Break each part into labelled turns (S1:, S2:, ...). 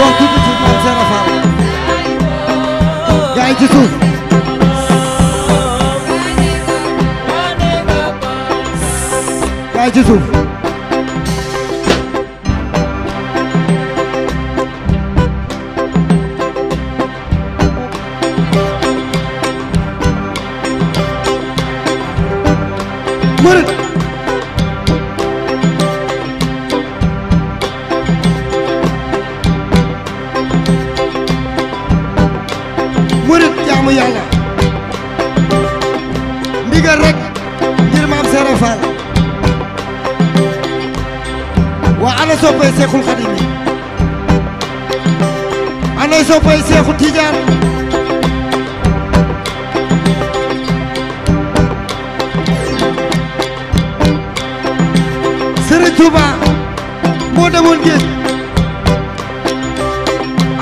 S1: Senhor tudo de novo será salvo. E aí, Jesus? E aí, Jesus? Mano! jaamu yàlla ndigal rek ngir maam Seere Faal waa ana soppay Seexul Xadiim yi ana soppay Seexu Tijaan Sëriñ Tuuba moo demoon géej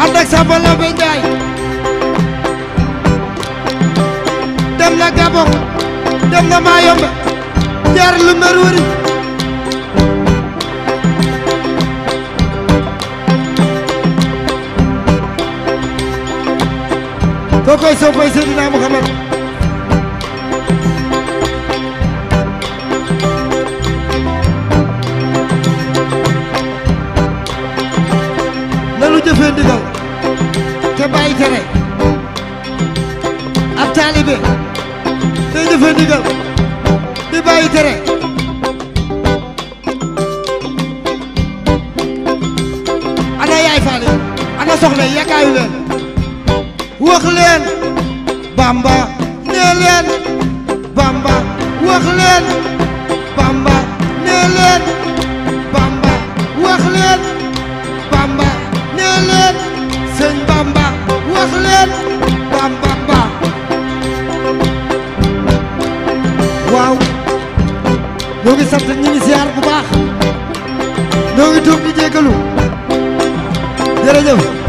S1: ànd ak Samba Laobé dem na Gabon dem na Mayomba jaar lu Marodi kookoy soppay Seydina Muhammad nanu jëfee ndigal te bàyyi tere ab jëfe ndigal di bàyyi tere ana yaay faale ana soxla yi yaakaaru leen wax bamba nee bamba wax bamba nee ñoo ngi sant ñi ngi siyaar bu baax ñoo ngi tuub di jégalu jërëjëf